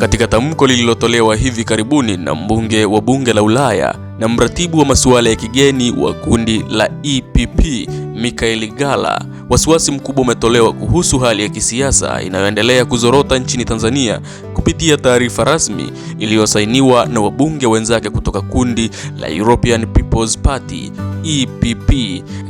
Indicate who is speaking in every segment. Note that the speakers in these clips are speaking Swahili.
Speaker 1: Katika tamko lililotolewa hivi karibuni na mbunge wa bunge la Ulaya na mratibu wa masuala ya kigeni wa kundi la EPP Mikaeli Gala, wasiwasi mkubwa umetolewa kuhusu hali ya kisiasa inayoendelea kuzorota nchini Tanzania kupitia taarifa rasmi iliyosainiwa na wabunge wenzake kutoka kundi la European People's Party EPP.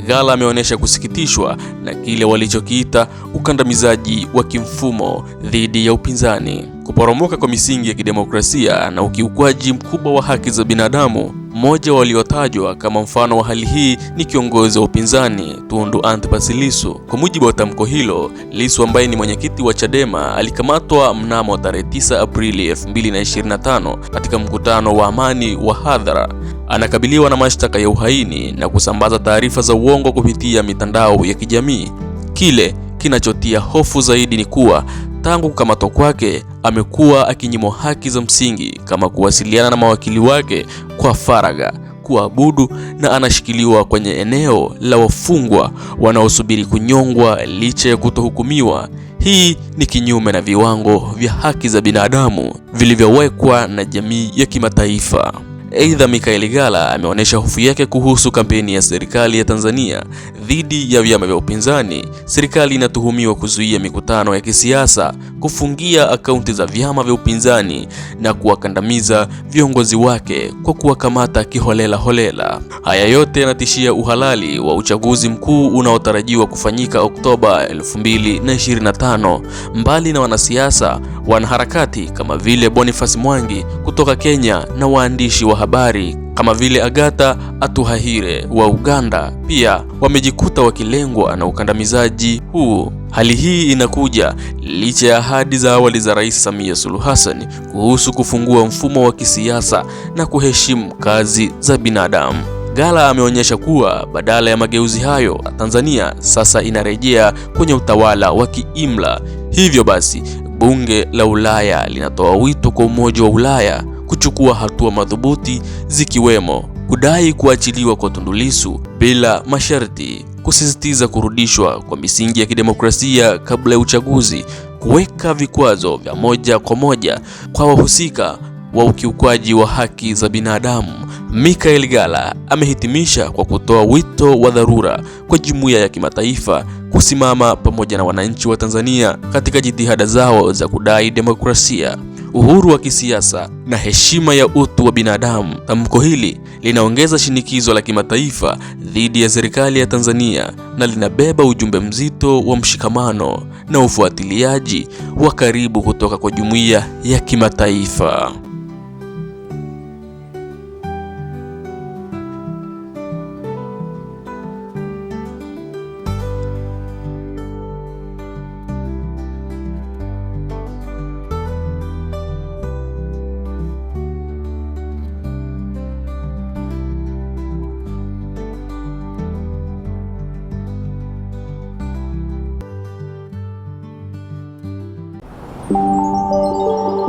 Speaker 1: Gala ameonyesha kusikitishwa na kile walichokiita ukandamizaji wa kimfumo dhidi ya upinzani. Kuporomoka kwa misingi ya kidemokrasia na ukiukwaji mkubwa wa haki za binadamu. Mmoja waliotajwa kama mfano wa hali hii ni kiongozi wa upinzani Tundu Antipas Lissu. Kwa mujibu wa tamko hilo, Lissu ambaye ni mwenyekiti wa Chadema alikamatwa mnamo tarehe 9 Aprili 2025 katika mkutano wa amani wa hadhara. Anakabiliwa na mashtaka ya uhaini na kusambaza taarifa za uongo kupitia mitandao ya kijamii. Kile kinachotia hofu zaidi ni kuwa Tangu kukamatwa kwake, amekuwa akinyimwa haki za msingi kama kuwasiliana na mawakili wake kwa faragha, kuabudu na anashikiliwa kwenye eneo la wafungwa wanaosubiri kunyongwa licha ya kutohukumiwa. Hii ni kinyume na viwango vya haki za binadamu vilivyowekwa na jamii ya kimataifa. Aidha, Mikaeli Gala ameonyesha hofu yake kuhusu kampeni ya serikali ya Tanzania dhidi ya vyama vya upinzani. Serikali inatuhumiwa kuzuia mikutano ya kisiasa, kufungia akaunti za vyama vya upinzani na kuwakandamiza viongozi wake kwa kuwakamata kiholela holela. Haya yote yanatishia uhalali wa uchaguzi mkuu unaotarajiwa kufanyika Oktoba 2025. Mbali na wanasiasa, wanaharakati kama vile Boniface Mwangi kutoka Kenya na waandishi wa habari kama vile Agatha atuhahire wa Uganda pia wamejikuta wakilengwa na ukandamizaji huu. Hali hii inakuja licha ya ahadi za awali za Rais Samia Suluhu Hassan kuhusu kufungua mfumo wa kisiasa na kuheshimu kazi za binadamu. Gala ameonyesha kuwa badala ya mageuzi hayo, Tanzania sasa inarejea kwenye utawala wa kiimla. Hivyo basi Bunge la Ulaya linatoa wito kwa Umoja wa Ulaya kuchukua hatua madhubuti zikiwemo kudai kuachiliwa kwa Tundu Lissu bila masharti, kusisitiza kurudishwa kwa misingi ya kidemokrasia kabla ya uchaguzi, kuweka vikwazo vya moja kwa moja kwa wahusika wa ukiukwaji wa haki za binadamu. Michael Gala amehitimisha kwa kutoa wito wa dharura kwa jumuiya ya kimataifa kusimama pamoja na wananchi wa Tanzania katika jitihada zao za kudai demokrasia, uhuru wa kisiasa na heshima ya utu wa binadamu. Tamko hili linaongeza shinikizo la kimataifa dhidi ya serikali ya Tanzania na linabeba ujumbe mzito wa mshikamano na ufuatiliaji wa karibu kutoka kwa jumuiya ya kimataifa. Música